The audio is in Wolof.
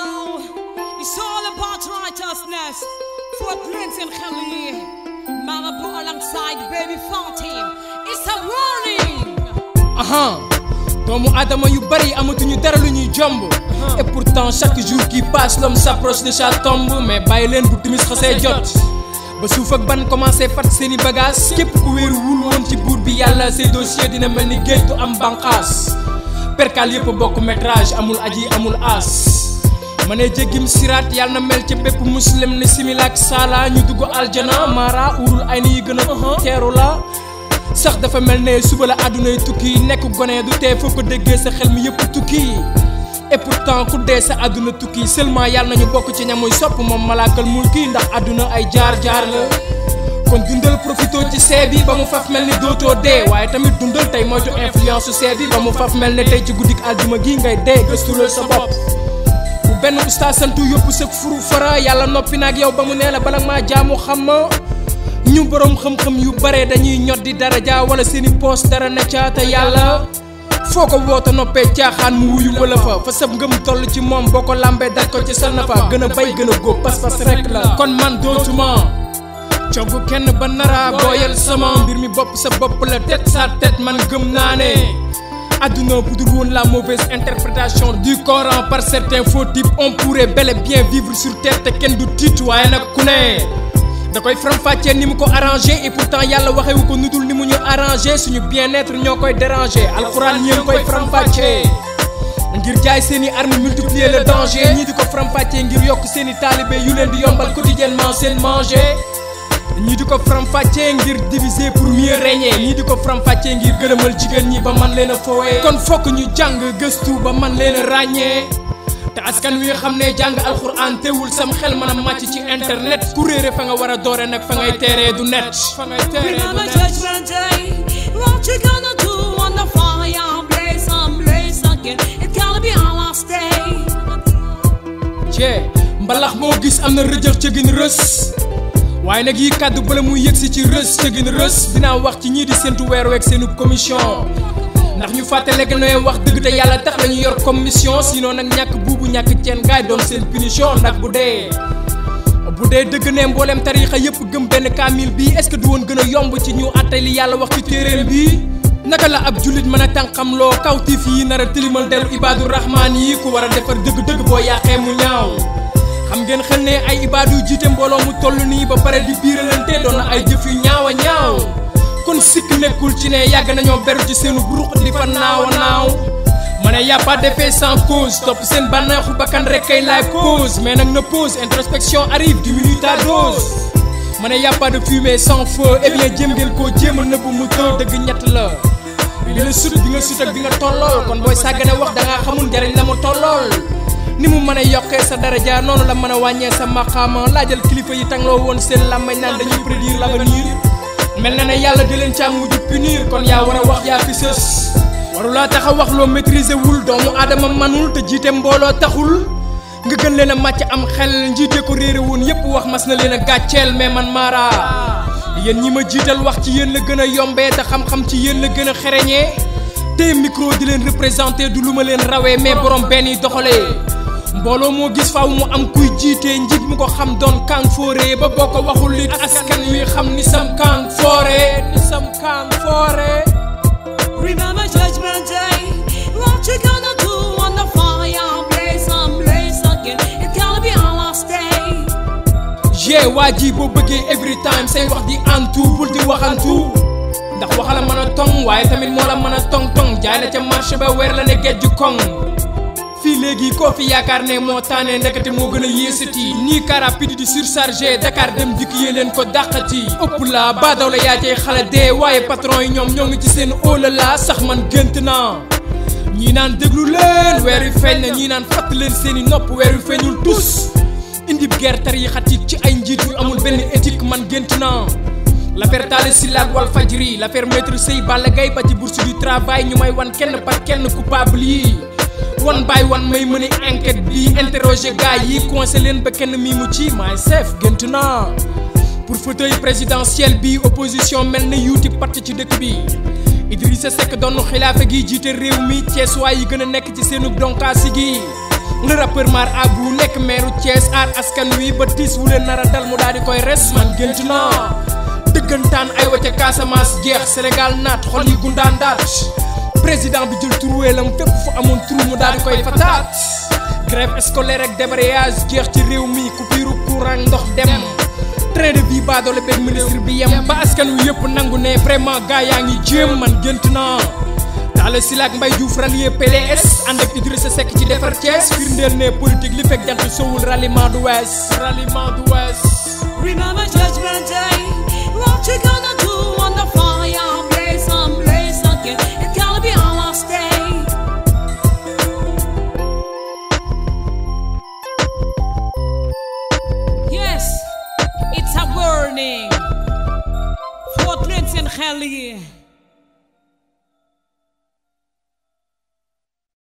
yo. It's all about righteousness. Footprints in Khalid. Malibu alongside baby Fountain. It's a warning. Aha. Doomu aadama yu bari amatuñu dara lu ñuy jomb et pourtant chaque jour qui passe l'homme s'approche de sa tombe mais bàyyi leen bu timis xasee jot ba suuf ak ban commencé fat seeni bagage képp ku wéeru wul woon ci buur bi yàlla say dossier dina mel ni am banqaas perkal yépp bokk métrage amul aji amul as mané ne sirat siraat na mel ci bép muslim ni similak sala ñu duggu aljana mara urul ay ni gëna téru la sax dafa mel suba la aduna tukki nek goné du té foo ko sa xel mi yépp tukki et pourtant ku dé sa aduna tukki seulement yàlla nañu bokk ci ñamuy sop mom malakal mulki ndax aduna ay jaar jaar la kon dundal profito ci sébi ba mu faf melni doto dé waye tamit dundal mo moytu influence sébi ba mu faf melni tay ci goudik aljuma gi ngay sa bop ben oustaz santu yóbbu sa furu fara yalla nopi nak yow ba mu nee la bala maa xam ñu borom xam-xam yu bare dañuy ñoddi daraja wala sini poste dara na ca ta yalla foko wota woote ci xaan mu wuyu wala fa fa sab ngeum toll ci mom boko ko lambee ko ci sal na fa bay gëna go pas-pas rek la kon man dootuma cogu kenn ba nara boyal sama mbir mi bop sa bop la tet sa tet man gëm naane adduna bu la mauvaise interprétation du Coran par certains faux types on pourrait bel et bien vivre sur terre te doute du vois, waaye nag pas D'accord, da koy ni nous ko arrangé et pourtant yàlla a ko de ni mu ñu arrangé suñu bien-être nous koy dérangé alxuraan ñeen koy faram-fàccee ngir jaay c'est une arme multiplier le danger ñii du ko faram-fàccee ngir yok, c'est i taalibe yu l'en di yombal quotidiennement seen manger ñii di ko faram-fàccee ngir diviser pour mieux régner ñii di ko faram-fàccee ngir gëlëmal jigéen ñi ba man leen a foowee kon fokk ñu jàng gëstu ba man leen a ràññee te askan wi xam ne jàng alxuraan teewul sam xel mën a màcc ci internet ku réere fa nga war a doore nag fa ngay teeree du net fa ngay teeree du net mbalax moo gis am na rëjëx ca gin rës waye nak yi kaddu bala muy yëgsi ci reus ca gën reus dina wax ci ñi di sentu wër weeg senu commission ndax ñu faté lekk noy wax dëgg te yalla tax lañu yor commission sino nak ñak bubu ñak cien gaay doon sen punition ndax bu dé bu dé dëgg ne mboolem tariixa yépp gëm ben kamil bi est ce du won gëna yomb ci ñu atte li yalla wax ci téréel bi naka la ab julit mëna tankam lo kaw tif yi nara tilimal deru ibadur rahman yi ku wara défar defar dëgg-dëgg boo mu ñaaw am ngeen xel ay ibadu jité mbolo mu tollu ni ba paré di biiralante doon na ay jëf yu ñaawa ñaaw kon sik nekul ci ne yàgg nañoo beru ci seenu buruq di fa naaw naaw mané ya pas de paix sans cause top seen banaxu bakan rek kay la cause mais nak ne pause introspection arrive minutes à dose mané ya pas de fumée sans feu et eh bien jëm ngeen ko jëm na bu mu teug deug ñett la bi la sut bi nga sut ak bi nga tollol kon boy sagane wax da nga xamul jariñ la mu tollol ni mu mën a yokkee sa daraja noonu la mën a wàññee sa maqaama laajal kilifa yi tangloo woon seen làmmañ naan dañuy prédire l'avenir mel na ne ya di leen caa ju punir kon yaa war a wax yaa fi sës warulaa tax a wax loo maîtriser wul doomu aadama manul te jiite mbooloo taxul nga gën leen a am xel njiite ko réere woon yépp wax mas na leen a gàcceel mais man maara yéen ñi ma jiital wax ci yéen la gën a yombee te xam-xam ci yéen la gën a xereñee te micro di leen représenté du lu ma leen rawee mais borom benn yi doxalee mbooloo moo gis faaw mu am kuy jiitee njiit mu ko xam doon kang foore ba boo waxul li askan wi xam ni sam kang foore ni sam kang foore remember judgment day what you gonna do on the fire blaze on blaze again it's gonna be our last day jee waa ji boo bëggee every time say wax di antu bul di waxantu ndax waxa la mën a tong waaye tamit moo la mën a tong tong jaay la ca marché ba weer la ne gejju kong léegi koo fi yaakaar ne moo tànnee ndekete moo gën a yéesati nii rapide di surchargé Dakar dem dik yee ko dàqati ëpp la ba dawla yaa cay xale dee waaye patron yi ñoom ñoo ci seen la sax man gént naa ñii naan déglu leen wéru feñ na ñi naan fat leen seen nopp wéru feñul tous indi guerre gertar yi xatit ci ay njiit yu amul benn éthique man gént naa l'affaire Talla Sylla Wal Walfadjri l'affaire maître Sèye Balla Gaye ba ci bourse du travail ñu may wan kenn par kenn coupable yi one by one may mëni enquête bi interroger gars yi conseil leen ba kenn mi mu ci maay chef gént naa pour fauteuil présidentiel bi opposition mel na yuuti parti ci dëkk bi Idrissa Seck doon xilaafa gi jiite réew mi Thiessois yi gën a nekk ci seenu donkaasi gi le rappeur Mar Abou nekk meeru Thiès aar askan wi ba tiis wu leen nara a dal mu daal di koy res man gént naa dëggantaan ay wa ca Casamance jeex Sénégal naat xol yi gundaandaat président bi jël turuweelam fépp fu amoon turu mu daal di koy fataat grève scolaire ak débrayage jeex ci réew mi coupure courant ndox dem train de vie baadoole benn ministre bi yem ba askan wi yëpp nangu ne vraiment gaa yaa ngi jéem man gént naa Talla Sylla ak Mbaye Diouf rallier PDS ànd ak Idrissa Seck ci defar Thiès firndeel ne politique li fekk jant sowul ralliement du Hallelujah.